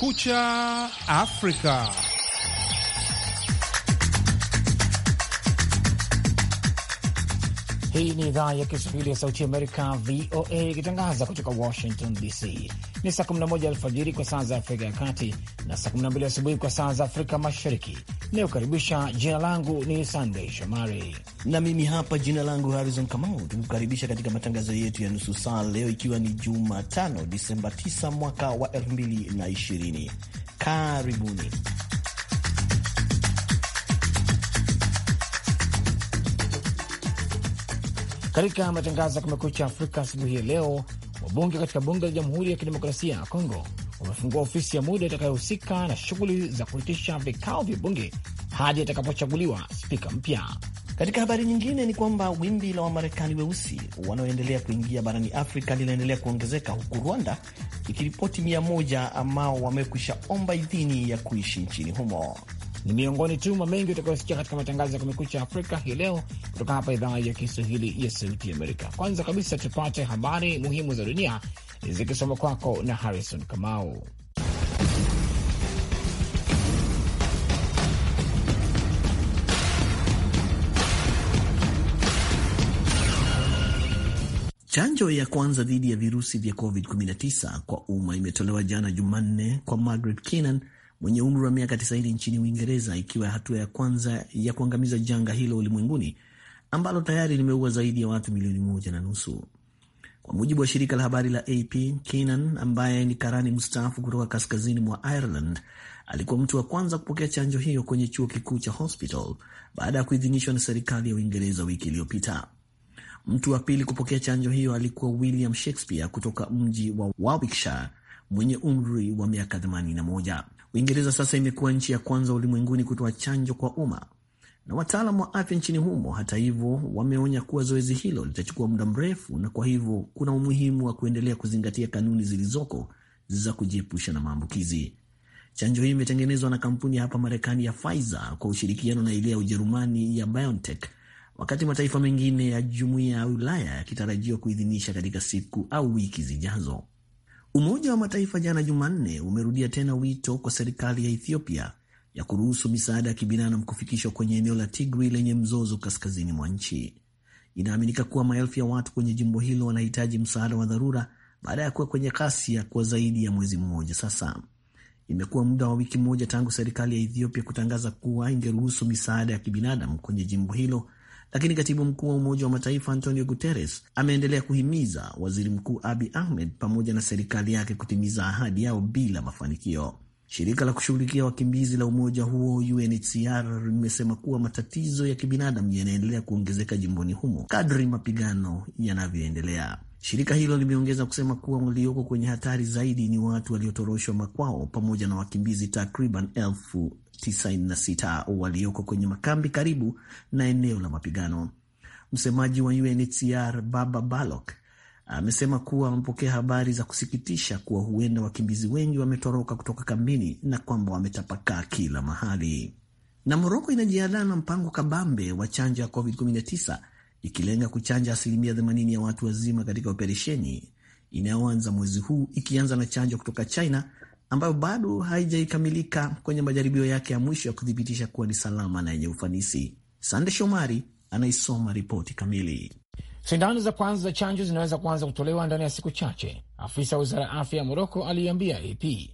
Kumekucha Afrika. Hii ni idhaa ya Kiswahili ya Sauti Amerika, VOA, ikitangaza kutoka Washington DC. Ni saa 11 alfajiri kwa saa za Afrika ya Kati na saa 12 asubuhi kwa saa za Afrika Mashariki inayokaribisha. Jina langu ni Sandey Shomari na mimi hapa jina langu Harrison Kamau, tukukaribisha katika matangazo yetu ya nusu saa leo, ikiwa ni Jumatano Disemba 9 mwaka wa 2020. Karibuni. Katika matangazo ya Kumekucha Afrika asubuhi ya leo, wabunge katika bunge la Jamhuri ya Kidemokrasia ya Kongo wamefungua ofisi ya muda itakayohusika na shughuli za kuitisha vikao vya bunge hadi atakapochaguliwa spika mpya. Katika habari nyingine ni kwamba wimbi la Wamarekani weusi wanaoendelea kuingia barani Afrika linaendelea kuongezeka huku Rwanda ikiripoti mia moja ambao wamekwisha omba idhini ya kuishi nchini humo. Ni miongoni tu mwa mengi utakayosikia katika matangazo ya Kumekucha Afrika hii leo kutoka hapa idhaa ya Kiswahili ya Sauti ya Amerika. Kwanza kabisa tupate habari muhimu za dunia zikisoma kwako na Harrison Kamau. Chanjo ya kwanza dhidi ya virusi vya COVID-19 kwa umma imetolewa jana Jumanne kwa Margaret Keenan mwenye umri wa miaka 90 nchini Uingereza, ikiwa hatua ya kwanza ya kuangamiza janga hilo ulimwenguni ambalo tayari limeua zaidi ya watu milioni moja na nusu. Kwa mujibu wa shirika la habari la AP, Keenan ambaye ni karani mstaafu kutoka kaskazini mwa Ireland alikuwa mtu wa kwanza kupokea chanjo hiyo kwenye chuo kikuu cha Hospital baada ya kuidhinishwa na serikali ya Uingereza wiki iliyopita. Mtu wa pili kupokea chanjo hiyo alikuwa William Shakespeare kutoka mji wa Warwickshire mwenye umri wa miaka 81. Uingereza sasa imekuwa nchi ya kwanza ulimwenguni kutoa chanjo kwa umma na wataalam wa afya nchini humo, hata hivyo, wameonya kuwa zoezi hilo litachukua muda mrefu na kwa hivyo kuna umuhimu wa kuendelea kuzingatia kanuni zilizoko za kujiepusha na maambukizi. Chanjo hii imetengenezwa na kampuni ya hapa Marekani ya Pfizer kwa ushirikiano na ile ya Ujerumani ya BioNTech, wakati mataifa mengine ya jumuiya ya Ulaya yakitarajiwa kuidhinisha katika siku au wiki zijazo. Umoja wa Mataifa jana Jumanne umerudia tena wito kwa serikali ya Ethiopia ya kuruhusu misaada ya kibinadamu kufikishwa kwenye eneo la tigri lenye mzozo kaskazini mwa nchi. Inaaminika kuwa maelfu ya watu kwenye jimbo hilo wanahitaji msaada wa dharura baada ya kuwa kwenye ghasia kwa zaidi ya mwezi mmoja sasa. Imekuwa muda wa wiki moja tangu serikali ya Ethiopia kutangaza kuwa ingeruhusu misaada ya kibinadamu kwenye jimbo hilo, lakini katibu mkuu wa Umoja wa Mataifa Antonio Guterres ameendelea kuhimiza waziri mkuu Abi Ahmed pamoja na serikali yake kutimiza ahadi yao bila mafanikio. Shirika la kushughulikia wakimbizi la umoja huo UNHCR limesema kuwa matatizo ya kibinadamu yanaendelea kuongezeka jimboni humo kadri mapigano yanavyoendelea. Shirika hilo limeongeza kusema kuwa walioko kwenye hatari zaidi ni watu waliotoroshwa makwao pamoja na wakimbizi takriban elfu 96 walioko kwenye makambi karibu na eneo la mapigano. Msemaji wa UNHCR Baba Balok amesema kuwa amepokea habari za kusikitisha kuwa huenda wakimbizi wengi wametoroka kutoka kambini na kwamba wametapakaa kila mahali. Na Moroko inajiandaa na mpango kabambe wa chanjo ya COVID-19 ikilenga kuchanja asilimia 80 ya watu wazima katika operesheni inayoanza mwezi huu, ikianza na chanjo kutoka China ambayo bado haijaikamilika kwenye majaribio yake ya mwisho ya kuthibitisha kuwa ni salama na yenye ufanisi. Sande Shomari anaisoma ripoti kamili. Sindano za kwanza za chanjo zinaweza kuanza kutolewa ndani ya siku chache, afisa wa wizara ya afya ya Moroko aliyeambia AP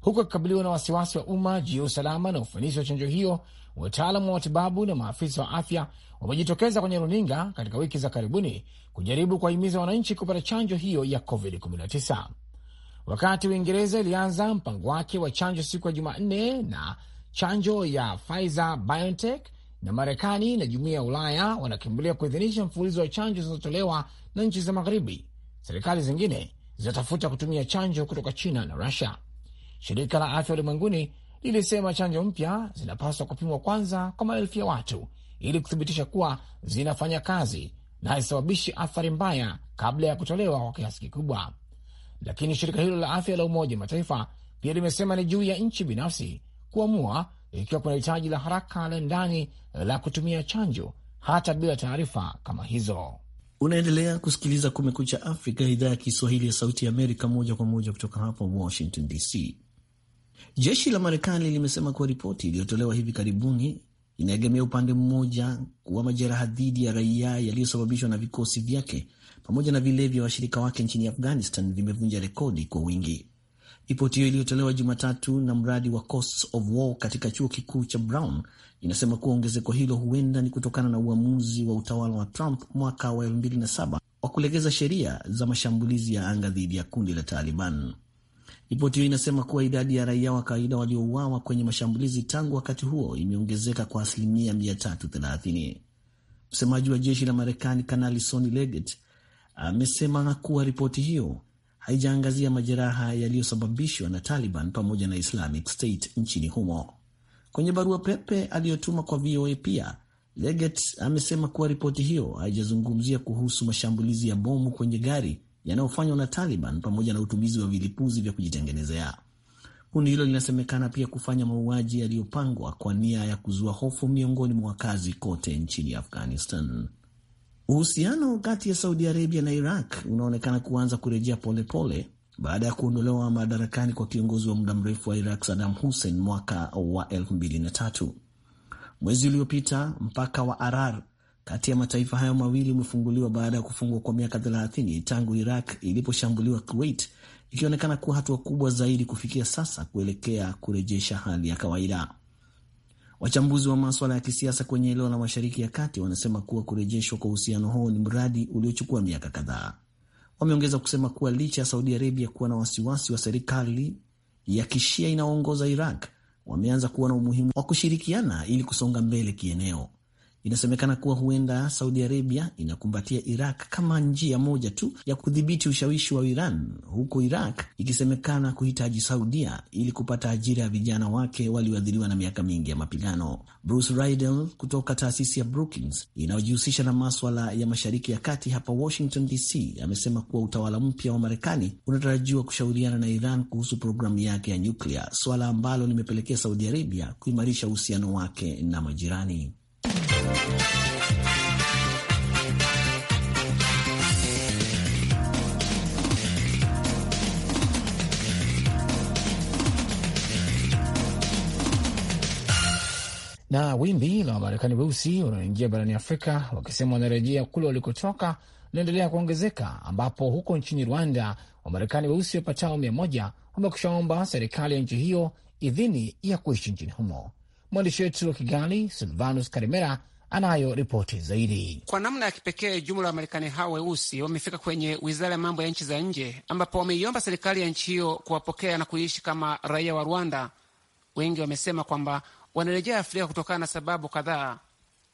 huku akikabiliwa na wasiwasi wa umma juu ya usalama na ufanisi wa chanjo hiyo. Wataalamu wa matibabu na maafisa wa afya wamejitokeza kwenye runinga katika wiki za karibuni kujaribu kuwahimiza wananchi kupata chanjo hiyo ya COVID-19. Wakati Uingereza ilianza mpango wake wa chanjo siku ya Jumanne na chanjo ya Pfizer BioNTech na Marekani na jumuiya ya Ulaya wanakimbilia kuidhinisha mfululizo wa chanjo zinazotolewa na nchi za Magharibi. Serikali zingine zinatafuta kutumia chanjo kutoka China na Rusia. Shirika la Afya Ulimwenguni lilisema chanjo mpya zinapaswa kupimwa kwanza kwa maelfu ya watu ili kuthibitisha kuwa zinafanya kazi na hazisababishi athari mbaya kabla ya kutolewa kwa kiasi kikubwa. Lakini shirika hilo la afya la Umoja Mataifa pia limesema ni juu ya nchi binafsi kuamua ikiwa kuna hitaji la haraka la ndani eh, la kutumia chanjo hata bila taarifa kama hizo. Unaendelea kusikiliza Kumekucha Afrika, idhaa ya Kiswahili ya Sauti ya Amerika, moja kwa moja kutoka hapa Washington DC. Jeshi la Marekani limesema kuwa ripoti iliyotolewa hivi karibuni inaegemea upande mmoja kuwa majeraha dhidi ya raia yaliyosababishwa na vikosi vyake pamoja na vile vya washirika wake nchini Afghanistan vimevunja rekodi kwa wingi. Ripoti hiyo iliyotolewa Jumatatu na mradi wa Costs of War katika chuo kikuu cha Brown inasema kuwa ongezeko hilo huenda ni kutokana na uamuzi wa utawala wa Trump mwaka wa 2007 wa kulegeza sheria za mashambulizi ya anga dhidi ya kundi la Taliban. Ripoti hiyo inasema kuwa idadi ya raia wa kawaida waliouawa kwenye mashambulizi tangu wakati huo imeongezeka kwa asilimia 330. Msemaji wa jeshi la Marekani Kanali Sony Leggett amesema kuwa ripoti hiyo haijaangazia majeraha yaliyosababishwa na Taliban pamoja na Islamic State nchini humo. Kwenye barua pepe aliyotuma kwa VOA pia leget amesema kuwa ripoti hiyo haijazungumzia kuhusu mashambulizi ya bomu kwenye gari yanayofanywa na Taliban pamoja na utumizi wa vilipuzi vya kujitengenezea. Kundi hilo linasemekana pia kufanya mauaji yaliyopangwa kwa nia ya kuzua hofu miongoni mwa wakazi kote nchini Afghanistan. Uhusiano kati ya Saudi Arabia na Iraq unaonekana kuanza kurejea polepole baada ya kuondolewa madarakani kwa kiongozi wa muda mrefu wa Iraq Saddam Hussein mwaka wa 2003. Mwezi uliopita mpaka wa Arar kati ya mataifa hayo mawili umefunguliwa baada ya kufungwa kwa miaka 30 tangu Iraq iliposhambuliwa Kuwait, ikionekana kuwa hatua kubwa zaidi kufikia sasa kuelekea kurejesha hali ya kawaida. Wachambuzi wa maswala ya kisiasa kwenye eneo la Mashariki ya Kati wanasema kuwa kurejeshwa kwa uhusiano huo ni mradi uliochukua miaka kadhaa. Wameongeza kusema kuwa licha ya Saudi Arabia kuwa na wasiwasi wa serikali ya kishia inayoongoza Iraq, wameanza kuwa na umuhimu wa kushirikiana ili kusonga mbele kieneo. Inasemekana kuwa huenda Saudi Arabia inakumbatia Iraq kama njia moja tu ya kudhibiti ushawishi wa Iran, huku Iraq ikisemekana kuhitaji Saudia ili kupata ajira ya vijana wake walioathiriwa na miaka mingi ya mapigano. Bruce Rydell kutoka taasisi ya Brookings inayojihusisha na maswala ya Mashariki ya Kati hapa Washington DC amesema kuwa utawala mpya wa Marekani unatarajiwa kushauriana na Iran kuhusu programu yake ya nyuklia, swala ambalo limepelekea Saudi Arabia kuimarisha uhusiano wake na majirani na wimbi la Wamarekani weusi wanaoingia barani Afrika wakisema wanarejea kule walikotoka linaendelea kuongezeka, ambapo huko nchini Rwanda Wamarekani weusi wapatao mia moja wamekushaomba serikali ya nchi hiyo idhini ya kuishi nchini humo. Mwandishi wetu wa Kigali, Silvanus Karimera, anayo ripoti zaidi. Kwa namna ya kipekee, jumla wa Marekani hao weusi wamefika kwenye wizara ya mambo ya nchi za nje, ambapo wameiomba serikali ya nchi hiyo kuwapokea na kuishi kama raia wa Rwanda. Wengi wamesema kwamba wanarejea Afrika kutokana na sababu kadhaa.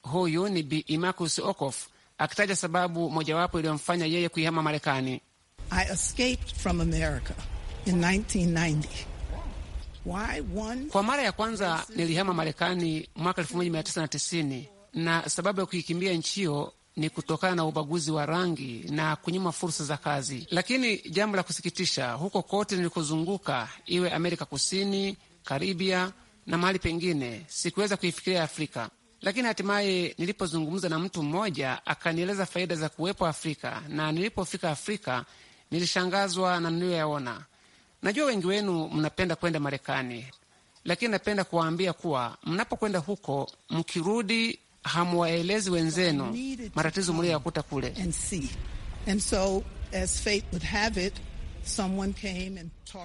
Huyu ni Bi Imakus Okof akitaja sababu mojawapo iliyomfanya yeye kuihama Marekani. Kwa mara ya kwanza nilihama Marekani mwaka 1990 na sababu ya kuikimbia nchi hiyo ni kutokana na ubaguzi wa rangi na kunyima fursa za kazi. Lakini jambo la kusikitisha, huko kote nilikozunguka, iwe Amerika Kusini, Karibia na mahali pengine, sikuweza kuifikiria Afrika. Lakini hatimaye nilipozungumza na mtu mmoja, akanieleza faida za kuwepo Afrika, na nilipofika Afrika nilishangazwa na niliyoyaona. Najua wengi wenu mnapenda kwenda Marekani, lakini napenda kuwaambia kuwa mnapokwenda huko, mkirudi hamwaelezi wenzenu matatizo mliyoyakuta kule.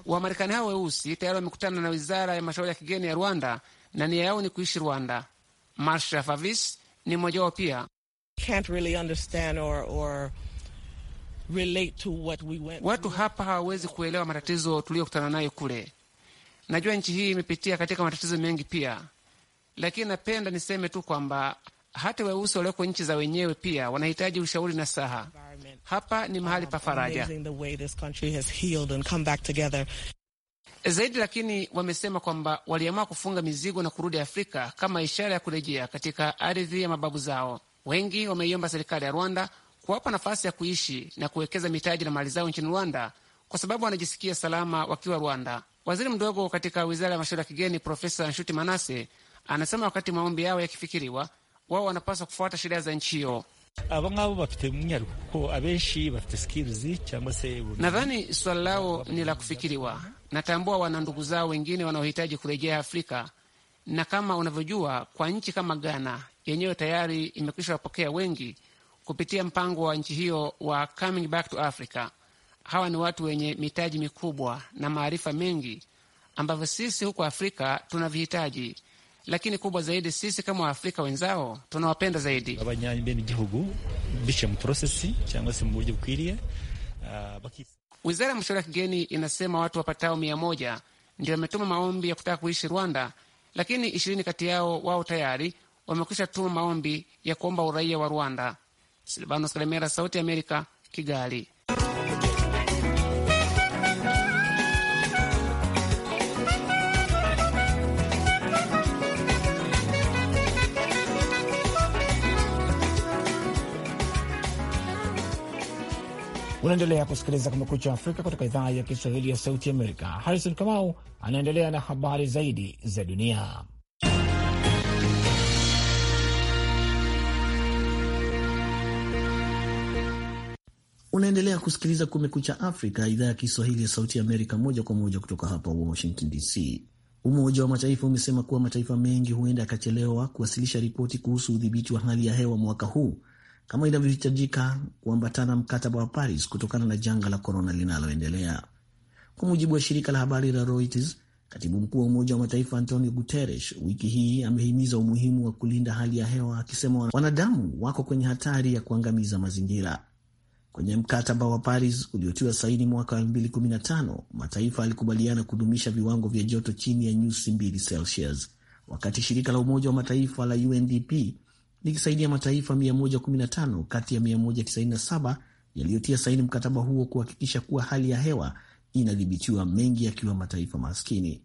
Wamarekani hao weusi tayari wamekutana na wizara ya mashauri ya kigeni ya Rwanda na nia yao ni kuishi Rwanda. Marsha Favis ni mmoja wao pia. Watu hapa hawawezi kuelewa matatizo tuliyokutana nayo kule. Najua nchi hii imepitia katika matatizo mengi pia lakini napenda niseme tu kwamba hata weusi walioko nchi za wenyewe pia wanahitaji ushauri na saha. Hapa ni mahali pa faraja zaidi, lakini wamesema kwamba waliamua kufunga mizigo na kurudi Afrika kama ishara ya kurejea katika ardhi ya mababu zao. Wengi wameiomba serikali ya Rwanda kuwapa nafasi ya kuishi na kuwekeza mitaji na mali zao nchini Rwanda kwa sababu wanajisikia salama wakiwa Rwanda. Waziri mdogo katika wizara ya mashauri ya kigeni Profesa Nshuti Manase Anasema wakati maombi yao yakifikiriwa, wao wanapaswa kufuata sheria za nchi hiyo. Nadhani swala lao ni la kufikiriwa. Natambua wana ndugu zao wengine wanaohitaji kurejea Afrika, na kama unavyojua, kwa nchi kama Ghana yenyewe tayari imekwisha wapokea wengi kupitia mpango wa nchi hiyo wa Coming Back to Africa. Hawa ni watu wenye mitaji mikubwa na maarifa mengi ambavyo sisi huko Afrika tunavihitaji lakini kubwa zaidi, sisi kama Waafrika wenzao tunawapenda zaidi. Ah, Wizara ya mashauri ya kigeni inasema watu wapatao mia moja ndio wametuma maombi ya kutaka kuishi Rwanda, lakini ishirini kati yao wao tayari wamekwisha tuma maombi ya kuomba uraia wa Rwanda. Silvanos Kalemera, Sauti Amerika, Kigali. Unaendelea kusikiliza Kumekucha Afrika kutoka idhaa ya Kiswahili ya Sauti Amerika. Harrison Kamau anaendelea na habari zaidi za dunia. Unaendelea kusikiliza Kumekucha Afrika, idhaa ya Kiswahili ya Sauti Amerika, moja kwa moja kutoka hapa Washington DC. Umoja wa Mataifa umesema kuwa mataifa mengi huenda yakachelewa kuwasilisha ripoti kuhusu udhibiti wa hali ya hewa mwaka huu kama inavyohitajika kuambatana mkataba wa Paris kutokana na janga la korona linaloendelea. Kwa mujibu wa shirika la habari la Reuters, katibu mkuu wa Umoja wa Mataifa Antonio Guterres wiki hii amehimiza umuhimu wa kulinda hali ya hewa, akisema wanadamu wako kwenye hatari ya kuangamiza mazingira. Kwenye mkataba wa Paris uliotiwa saini mwaka 2015 mataifa alikubaliana kudumisha viwango vya joto chini ya nyuzi 2 Celsius, wakati shirika la Umoja wa Mataifa la UNDP likisaidia mataifa 115 kati ya 197 yaliyotia saini mkataba huo kuhakikisha kuwa hali ya hewa inadhibitiwa, mengi yakiwa mataifa maskini.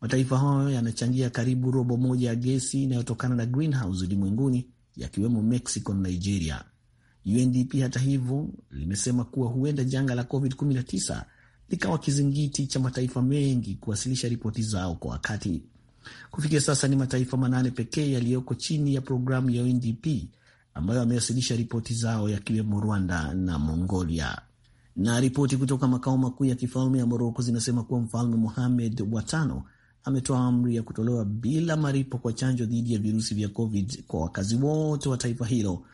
Mataifa hayo yanachangia karibu robo moja ya gesi inayotokana na greenhouse ulimwenguni, yakiwemo Mexico na Nigeria. UNDP hata hivyo limesema kuwa huenda janga la COVID-19 likawa kizingiti cha mataifa mengi kuwasilisha ripoti zao kwa wakati. Kufikia sasa ni mataifa manane pekee yaliyoko chini ya programu ya UNDP ambayo amewasilisha ripoti zao yakiwemo Rwanda na Mongolia. Na ripoti kutoka makao makuu ya kifalme ya Moroko zinasema kuwa mfalme Mohamed wa tano ametoa amri ya kutolewa bila malipo kwa chanjo dhidi ya virusi vya COVID kwa wakazi wote wa taifa hilo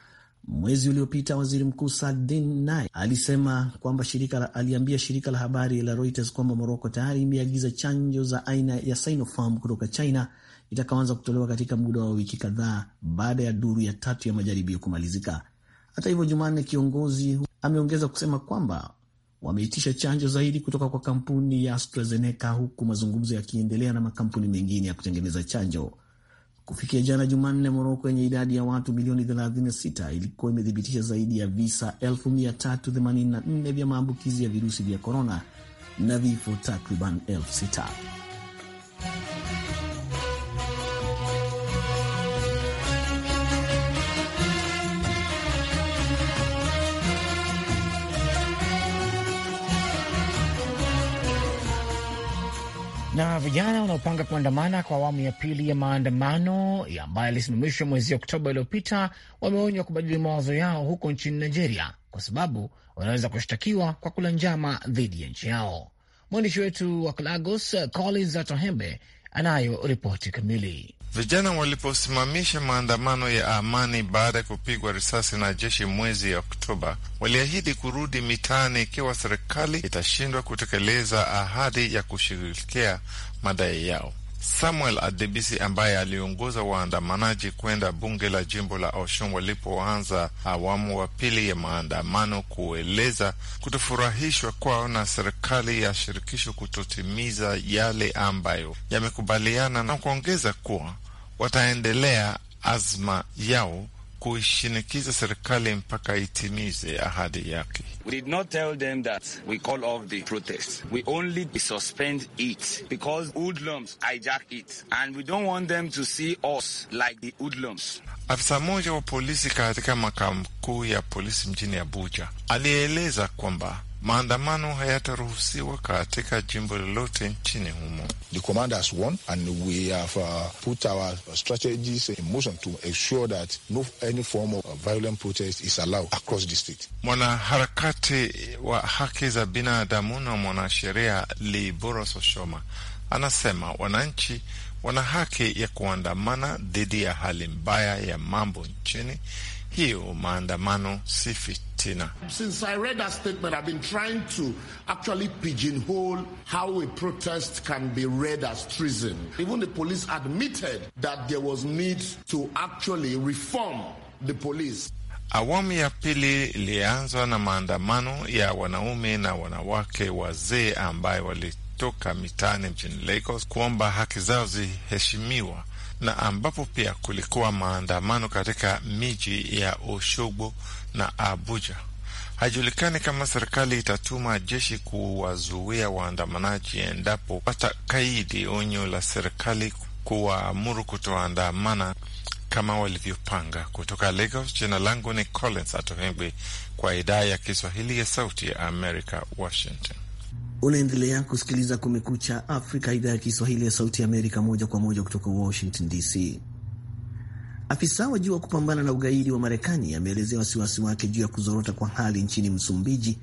Mwezi uliopita waziri mkuu sadin Nae alisema kwamba shirika la, aliambia shirika la habari la Reuters kwamba Moroko tayari imeagiza chanjo za aina ya Sinopharm kutoka China itakaoanza kutolewa katika muda wa wiki kadhaa baada ya duru ya tatu ya majaribio kumalizika. Hata hivyo, Jumanne kiongozi ameongeza kusema kwamba wameitisha chanjo zaidi kutoka kwa kampuni ya AstraZeneca huku mazungumzo yakiendelea na makampuni mengine ya kutengeneza chanjo. Kufikia jana Jumanne, Moroko yenye idadi ya watu milioni 36 ilikuwa imethibitisha zaidi ya visa 384 vya maambukizi ya virusi vya korona na vifo takriban 6 Na vijana wanaopanga kuandamana kwa awamu ya pili ya maandamano ambayo yalisimamishwa mwezi Oktoba uliopita wameonywa kubadili mawazo yao huko nchini Nigeria, kwa sababu wanaweza kushtakiwa kwa kula njama dhidi ya nchi yao. Mwandishi wetu wa Lagos Collins Atohembe anayo ripoti kamili. Vijana waliposimamisha maandamano ya amani baada ya kupigwa risasi na jeshi mwezi Oktoba, waliahidi kurudi mitaani ikiwa serikali itashindwa kutekeleza ahadi ya kushughulikia madai yao. Samuel Adebisi ambaye aliongoza waandamanaji kwenda bunge la jimbo la Oshun walipoanza awamu wa pili ya maandamano, kueleza kutofurahishwa kwao na serikali ya shirikisho kutotimiza yale ambayo yamekubaliana, na kuongeza kuwa wataendelea azma yao kuishinikiza serikali mpaka itimize ahadi yake. We did not tell them that we call off the protest. We only suspend it because hoodlums hijack it and we don't want them to see us like the udlums Afisa mmoja wa polisi katika makao makuu ya polisi mjini Abuja alieleza kwamba maandamano hayataruhusiwa katika jimbo lolote nchini humo. The command has won and we have uh, put our strategies in motion to ensure that no any form of violent protest is allowed across the state. Mwanaharakati wa haki za binadamu na mwanasheria Liboros Oshoma anasema wananchi wana haki ya kuandamana dhidi ya hali mbaya ya mambo nchini. Hiyo maandamano si fitina tena. Since I read that statement, I've been trying to actually pigeonhole how a protest can be read as treason. Even the police admitted that there was need to actually reform the police. Awamu ya pili ilianzwa na maandamano ya wanaume na wanawake wazee ambayo walitoka mitaani mjini Lagos kuomba haki zao ziheshimiwa na ambapo pia kulikuwa maandamano katika miji ya Oshogbo na Abuja. Haijulikani kama serikali itatuma jeshi kuwazuia waandamanaji endapo watakaidi onyo la serikali kuwaamuru kutoandamana kama walivyopanga. Kutoka Lagos, jina langu ni Collins Atohengwi kwa idhaa ya Kiswahili ya Sauti ya Amerika, Washington. Unaendelea kusikiliza Kumekucha Afrika, idhaa ya Kiswahili ya Sauti ya Amerika, moja kwa moja kutoka Washington DC. Afisa wa juu wa kupambana na ugaidi wa Marekani ameelezea wasiwasi wake juu ya kuzorota kwa hali nchini Msumbiji,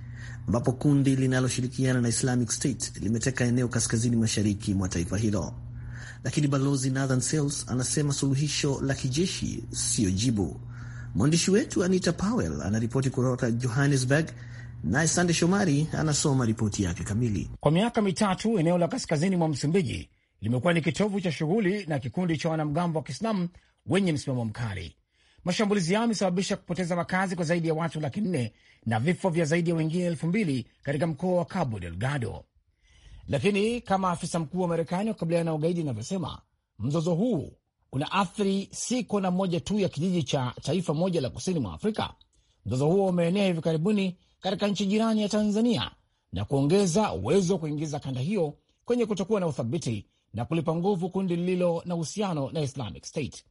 ambapo kundi linaloshirikiana na Islamic State limeteka eneo kaskazini mashariki mwa taifa hilo. Lakini balozi Nathan Sales anasema suluhisho la kijeshi siyo jibu. Mwandishi wetu Anita Powell anaripoti kutoka Johannesburg, naye Sande Shomari anasoma ripoti yake kamili. Kwa miaka mitatu eneo la kaskazini mwa Msumbiji limekuwa ni kitovu cha shughuli na kikundi cha wanamgambo wa Kiislamu wenye msimamo mkali. Mashambulizi yao yamesababisha kupoteza makazi kwa zaidi ya watu laki nne na vifo vya zaidi ya wengine elfu mbili katika mkoa wa Cabo Delgado. Lakini kama afisa mkuu wa Marekani wa kukabiliana na ugaidi anavyosema, mzozo huu una athiri si kona moja tu ya kijiji cha taifa moja la kusini mwa Afrika. Mzozo huo umeenea hivi karibuni katika nchi jirani ya Tanzania na kuongeza uwezo wa kuingiza kanda hiyo kwenye kutokuwa na uthabiti na kulipa nguvu kundi lililo na uhusiano na Islamic State.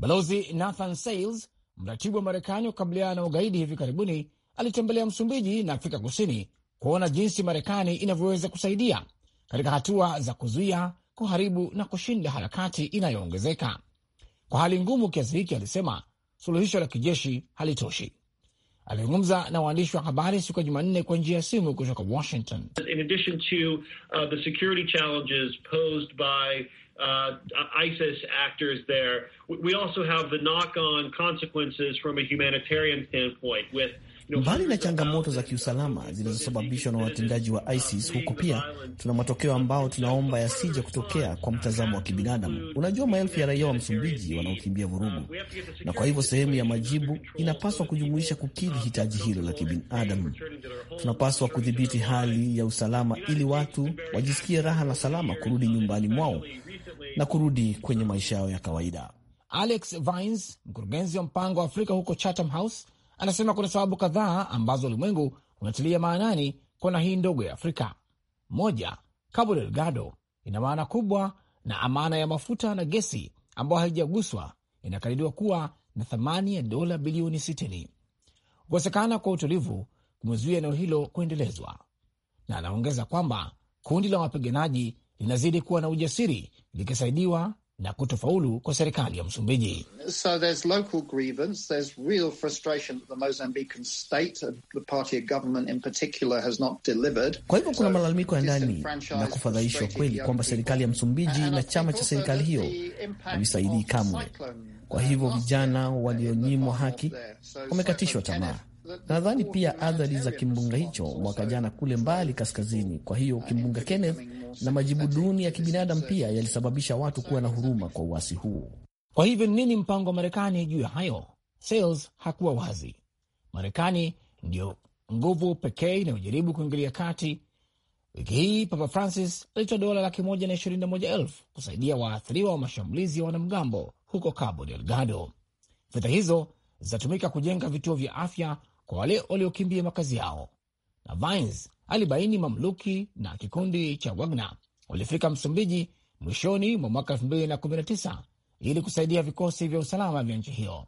Balozi Nathan Sales, mratibu wa Marekani wa kukabiliana na ugaidi, hivi karibuni alitembelea Msumbiji na Afrika Kusini kuona jinsi Marekani inavyoweza kusaidia katika hatua za kuzuia, kuharibu na kushinda harakati inayoongezeka. Kwa hali ngumu kiasi hiki, alisema suluhisho la kijeshi halitoshi. Alizungumza na waandishi wa habari siku ya Jumanne kwa njia ya simu kutoka Washington. In addition to, uh, the security challenges posed by uh, ISIS actors there. We also have the knock on consequences from a humanitarian standpoint with Mbali na changamoto za kiusalama zinazosababishwa na watendaji wa ISIS, huku pia tuna matokeo ambao tunaomba yasije kutokea kwa mtazamo wa kibinadamu. Unajua, maelfu ya raia wa Msumbiji wanaokimbia vurugu, na kwa hivyo sehemu ya majibu inapaswa kujumuisha kukidhi hitaji hilo la kibinadamu. Tunapaswa kudhibiti hali ya usalama ili watu wajisikie raha na salama kurudi nyumbani mwao na kurudi kwenye maisha yao ya kawaida. Alex Vines, mkurugenzi wa mpango wa Afrika huko Chatham House, anasema kuna sababu kadhaa ambazo ulimwengu unatilia maanani kona hii ndogo ya Afrika. Moja, Cabo Delgado ina maana kubwa na amana ya mafuta na gesi ambayo haijaguswa inakadiriwa kuwa na thamani ya dola bilioni sitini Kukosekana kwa utulivu kumezuia eneo hilo kuendelezwa, na anaongeza kwamba kundi la wapiganaji linazidi kuwa na ujasiri likisaidiwa na kutofaulu kwa serikali ya Msumbiji. So there's local grievance, there's real frustration that the Mozambican state, uh, the party of government in particular has not delivered. Kwa hivyo kuna malalamiko ya ndani na kufadhaishwa kweli kwamba serikali ya Msumbiji na chama cha serikali hiyo havisaidii kamwe. Kwa hivyo vijana walionyimwa haki wamekatishwa tamaa. Nadhani pia athari za kimbunga hicho mwaka jana kule mbali kaskazini. Kwa hiyo kimbunga Kenneth na majibu duni ya kibinadamu pia yalisababisha watu kuwa na huruma kwa uasi huu. Kwa hivyo nini mpango wa Marekani juu ya hayo? Sales hakuwa wazi. Marekani ndiyo nguvu pekee inayojaribu kuingilia kati. Wiki hii Papa Francis alitoa dola laki moja na ishirini na moja elfu kusaidia waathiriwa wa mashambulizi ya wanamgambo huko Cabo Delgado. Fedha hizo zitatumika kujenga vituo vya afya kwa wale waliokimbia makazi yao, na Vines alibaini mamluki na kikundi cha Wagner walifika Msumbiji mwishoni mwa mwaka 2019 ili kusaidia vikosi vya usalama vya nchi hiyo.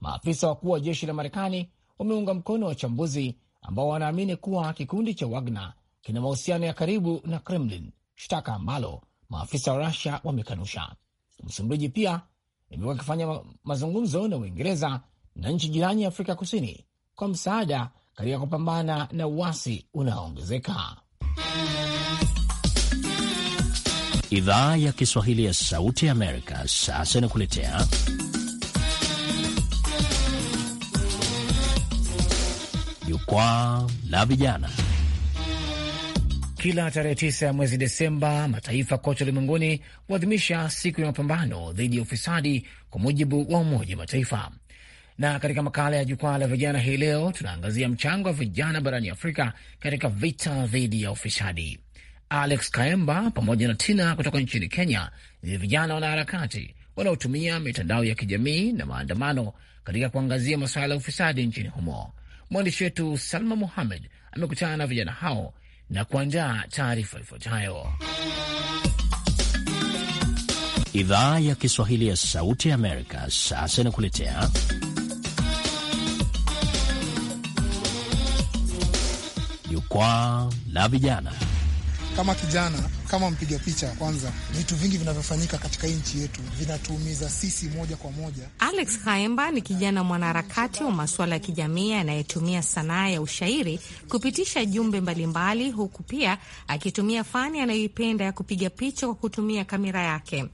Maafisa wakuu wa jeshi la Marekani wameunga mkono wachambuzi ambao wanaamini kuwa kikundi cha Wagner kina mahusiano ya karibu na Kremlin, shtaka ambalo maafisa wa Rusia wamekanusha. Msumbiji pia imekuwa ikifanya mazungumzo na Uingereza na nchi jirani ya Afrika Kusini kwa msaada katika kupambana na uasi unaoongezeka. Idhaa ya Kiswahili ya Sauti Amerika sasa inakuletea Jukwaa la Vijana. Kila tarehe tisa ya mwezi Desemba, mataifa kote ulimwenguni huadhimisha siku ya mapambano dhidi ya ufisadi kwa mujibu wa Umoja wa Mataifa na katika makala ya jukwaa la vijana hii leo tunaangazia mchango wa vijana barani Afrika katika vita dhidi ya ufisadi. Alex Kaemba pamoja na Tina kutoka nchini Kenya ni vijana wanaharakati wanaotumia mitandao ya kijamii na maandamano katika kuangazia masuala ya ufisadi nchini humo. Mwandishi wetu Salma Muhamed amekutana na vijana hao na kuandaa taarifa ifuatayo. Idhaa ya Kiswahili ya Sauti ya Amerika sasa inakuletea jukwaa la vijana. Kama kijana, kama mpiga picha, kwanza vitu vingi vinavyofanyika katika nchi yetu vinatuumiza sisi moja kwa moja. Alex Haemba ni kijana mwanaharakati wa masuala ya kijamii anayetumia sanaa ya ushairi kupitisha jumbe mbalimbali, huku pia akitumia fani anayoipenda ya kupiga picha kwa kutumia kamera yake.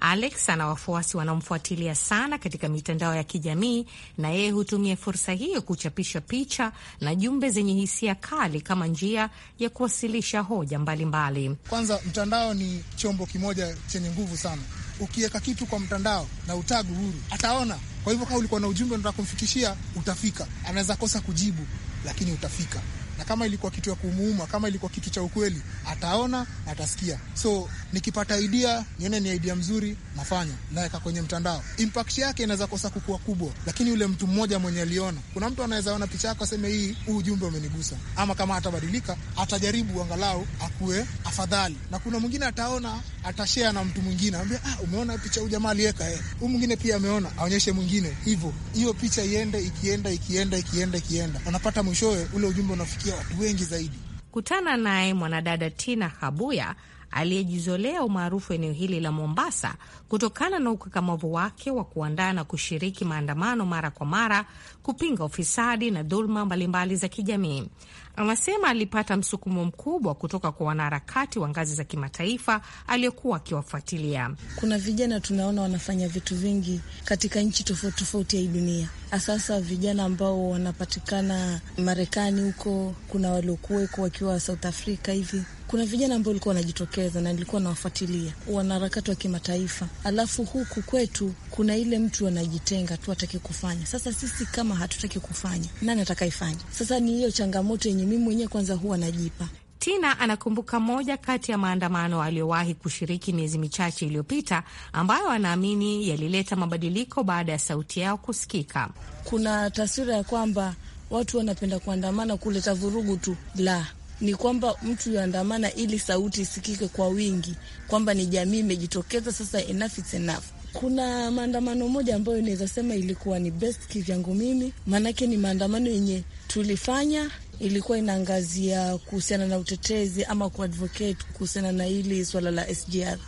Alex ana wafuasi wanaomfuatilia sana katika mitandao ya kijamii, na yeye hutumia fursa hiyo kuchapisha picha na jumbe zenye hisia kali kama njia ya kuwasilisha hoja mbalimbali mbali. Kwanza, mtandao ni chombo kimoja chenye nguvu sana. Ukiweka kitu kwa mtandao na utagu huru, ataona. Kwa hivyo kama ulikuwa na ujumbe unataka kumfikishia, utafika. Anaweza kosa kujibu, lakini utafika na kama ilikuwa kitu ya kumuuma, kama ilikuwa kitu cha ukweli, ataona atasikia. So nikipata idea nione ni idea mzuri, nafanya naweka kwenye mtandao. Impact yake inaweza kosa kukua kubwa, lakini yule mtu mmoja mwenye aliona, kuna mtu anaweza ona picha yako aseme hii, huu ujumbe umenigusa, ama kama atabadilika, atajaribu angalau akuwe afadhali. Na kuna mwingine ataona, atashea na mtu mwingine, ambia ah, umeona picha huu jamaa aliweka eh, huu mwingine pia ameona, aonyeshe mwingine, hivyo hiyo picha iende, ikienda, ikienda, ikienda, ikienda, ikienda, unapata mwishowe ule ujumbe unafikia kufikia watu wengi zaidi. Kutana naye mwanadada Tina Habuya aliyejizolea umaarufu eneo hili la Mombasa kutokana na ukakamavu wake wa kuandaa na kushiriki maandamano mara kwa mara kupinga ufisadi na dhuluma mbalimbali za kijamii. Anasema alipata msukumo mkubwa kutoka kwa wanaharakati wa ngazi za kimataifa aliyokuwa akiwafuatilia. Kuna vijana tunaona wanafanya vitu vingi katika nchi tofauti tofauti ya hii dunia, asasa vijana ambao wanapatikana Marekani huko, kuna waliokuweko wakiwa South Africa hivi. Kuna vijana ambao walikuwa wanajitokeza na nilikuwa nawafuatilia, wanaharakati wa kimataifa alafu huku kwetu kuna ile mtu anajitenga tu, ataki kufanya. Sasa sisi kama hatutaki kufanya, nani atakaifanya? Sasa ni hiyo changamoto yenye mimi mwenyewe kwanza huwa najipa. Tina anakumbuka moja kati ya maandamano aliyowahi kushiriki miezi michache iliyopita ambayo anaamini yalileta mabadiliko baada ya sauti yao kusikika. Kuna taswira ya kwamba watu wanapenda kuandamana kuleta vurugu tu, la ni kwamba mtu yuandamana ili sauti isikike kwa wingi, kwamba ni jamii imejitokeza sasa, enough is enough. Kuna maandamano moja ambayo inaweza sema ilikuwa ni best kivyangu mimi, maanake ni maandamano yenye tulifanya ilikuwa inaangazia kuhusiana na utetezi ama kuadvocate kuhusiana na hili swala la SGR.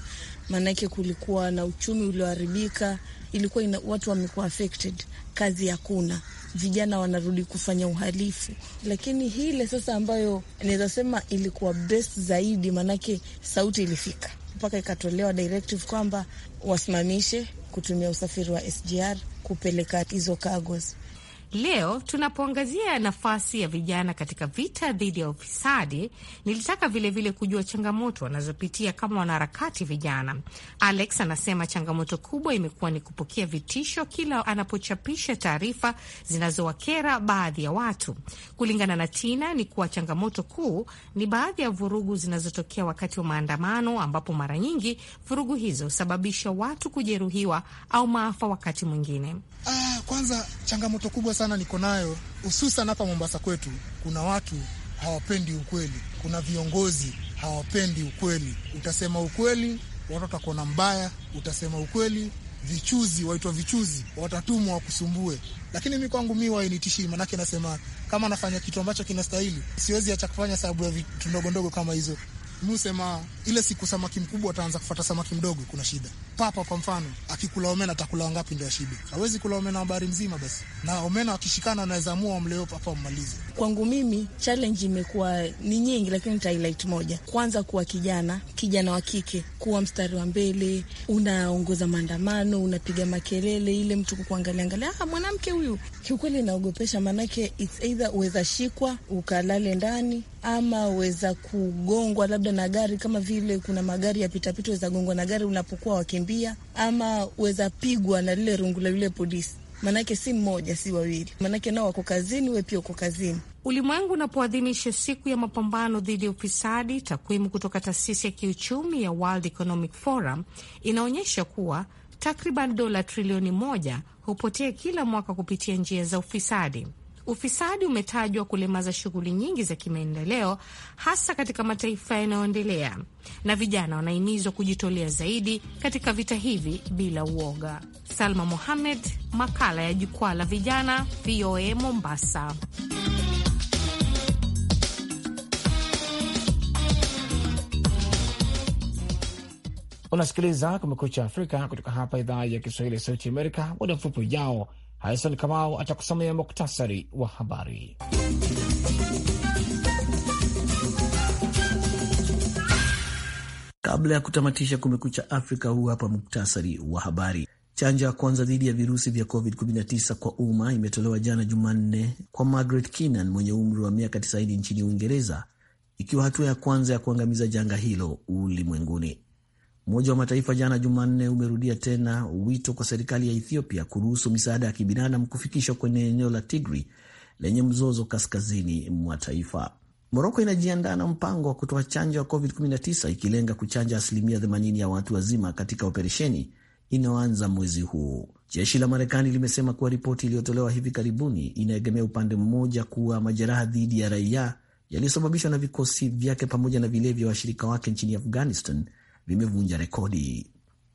Maanake kulikuwa na uchumi ulioharibika, ilikuwa ina, watu wamekuwa affected, kazi hakuna vijana wanarudi kufanya uhalifu. Lakini hile sasa ambayo naweza sema ilikuwa best zaidi, maanake sauti ilifika mpaka ikatolewa directive kwamba wasimamishe kutumia usafiri wa SGR kupeleka hizo cargos Leo tunapoangazia nafasi ya vijana katika vita dhidi ya ufisadi, nilitaka vilevile vile kujua changamoto wanazopitia kama wanaharakati vijana. Alex anasema changamoto kubwa imekuwa ni kupokea vitisho kila anapochapisha taarifa zinazowakera baadhi ya watu. Kulingana na Tina, ni kuwa changamoto kuu ni baadhi ya vurugu zinazotokea wakati wa maandamano, ambapo mara nyingi vurugu hizo husababisha watu kujeruhiwa au maafa wakati mwingine. Uh. Kwanza changamoto kubwa sana niko nayo hususan hapa Mombasa kwetu, kuna watu hawapendi ukweli, kuna viongozi hawapendi ukweli. Utasema ukweli, watu watakuona mbaya. Utasema ukweli, vichuzi waitwa vichuzi, watatumwa wakusumbue. Lakini mi kwangu mi wainitishi, manake nasema kama nafanya kitu ambacho kinastahili, siwezi acha kufanya sababu ya vitu ndogondogo kama hizo musema ile siku samaki mkubwa ataanza kufata samaki mdogo, kuna shida. Papa kwa mfano akikula omena atakula wangapi? ndo shibe, hawezi kula omena wa bahari mzima. Basi na omena wakishikana, anaweza amua wamleo papa wammalize. Kwangu mimi challenge imekuwa ni nyingi, lakini nita moja. Kwanza kuwa kijana, kijana wa kike kuwa mstari wa mbele, unaongoza maandamano, unapiga makelele, ile mtu kukuangalia angalia, ah, mwanamke huyu, kiukweli inaogopesha, maanake it's either uweza shikwa ukalale ndani ama uweza kugongwa labda kupitwa na gari, kama vile kuna magari ya pitapita, weza gongwa na gari unapokuwa wakimbia, ama weza pigwa na lile rungu la yule polisi. Manake si mmoja, si wawili, manake nao wako kazini, we pia uko kazini. Ulimwengu unapoadhimisha siku ya mapambano dhidi ya ufisadi, takwimu kutoka taasisi ya kiuchumi ya World Economic Forum inaonyesha kuwa takriban dola trilioni moja hupotea kila mwaka kupitia njia za ufisadi. Ufisadi umetajwa kulemaza shughuli nyingi za kimaendeleo, hasa katika mataifa yanayoendelea, na vijana wanahimizwa kujitolea zaidi katika vita hivi bila uoga. Salma Mohamed, makala ya Jukwaa la Vijana, VOA Mombasa. Unasikiliza Kumekucha Afrika kutoka hapa idhaa ya Kiswahili ya Sauti Amerika. Muda mfupi ujao Harison Kamau atakusomea muktasari wa habari. Kabla ya kutamatisha Kumekucha Afrika, huu hapa muktasari wa habari. Chanjo ya kwanza dhidi ya virusi vya COVID-19 kwa umma imetolewa jana Jumanne kwa Margaret Keenan mwenye umri wa miaka 90 nchini Uingereza, ikiwa hatua ya kwanza ya kuangamiza janga hilo ulimwenguni. Umoja wa Mataifa jana Jumanne umerudia tena wito kwa serikali ya Ethiopia kuruhusu misaada ya kibinadamu kufikishwa kwenye eneo la Tigri lenye mzozo kaskazini mwa taifa. Moroko inajiandaa na mpango wa kutoa chanjo ya COVID-19 ikilenga kuchanja asilimia 80 ya watu wazima katika operesheni inayoanza mwezi huu. Jeshi la Marekani limesema kuwa ripoti iliyotolewa hivi karibuni inaegemea upande mmoja kuwa majeraha dhidi ya raia yaliyosababishwa na vikosi vyake pamoja na vile vya washirika wake nchini Afghanistan vimevunja rekodi.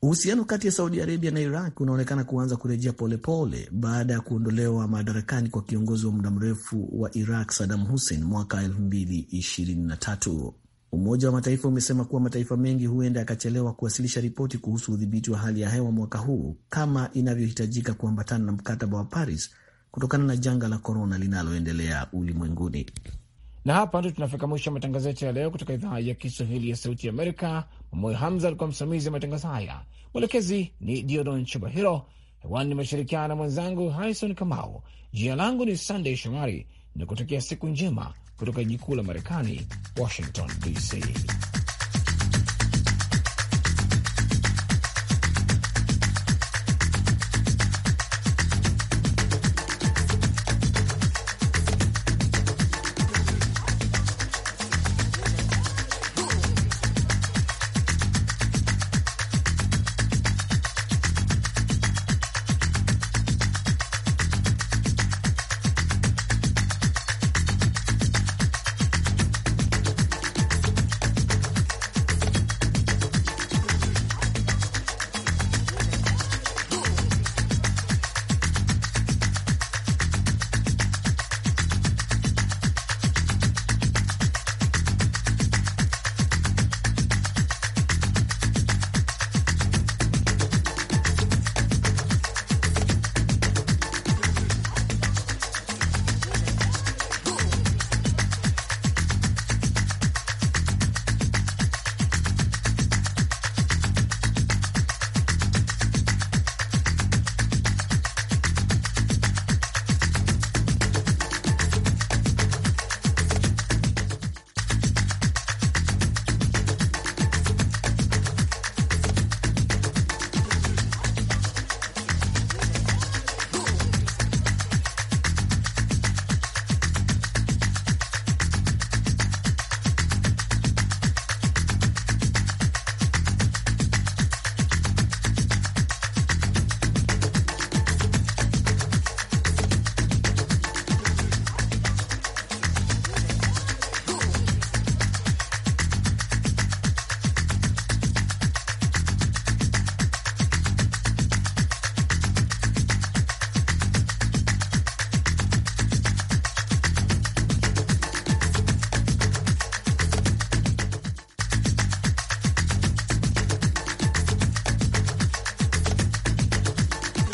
Uhusiano kati ya Saudi Arabia na Iraq unaonekana kuanza kurejea polepole baada ya kuondolewa madarakani kwa kiongozi wa muda mrefu wa Iraq Saddam Hussein mwaka 2023. Umoja wa Mataifa umesema kuwa mataifa mengi huenda yakachelewa kuwasilisha ripoti kuhusu udhibiti wa hali ya hewa mwaka huu kama inavyohitajika kuambatana na mkataba wa Paris kutokana na janga la korona linaloendelea ulimwenguni. Na hapa ndio tunafika mwisho matangazo yetu ya leo kutoka idhaa ya Kiswahili ya Sauti Amerika. Moyo Hamza alikuwa msimamizi wa matangazo haya, mwelekezi ni Diodon Chubahiro. Hewani nimeshirikiana na mwenzangu harison Kamau. Jina langu ni sandey Shomari na kutokea siku njema kutoka jikuu la Marekani, Washington DC.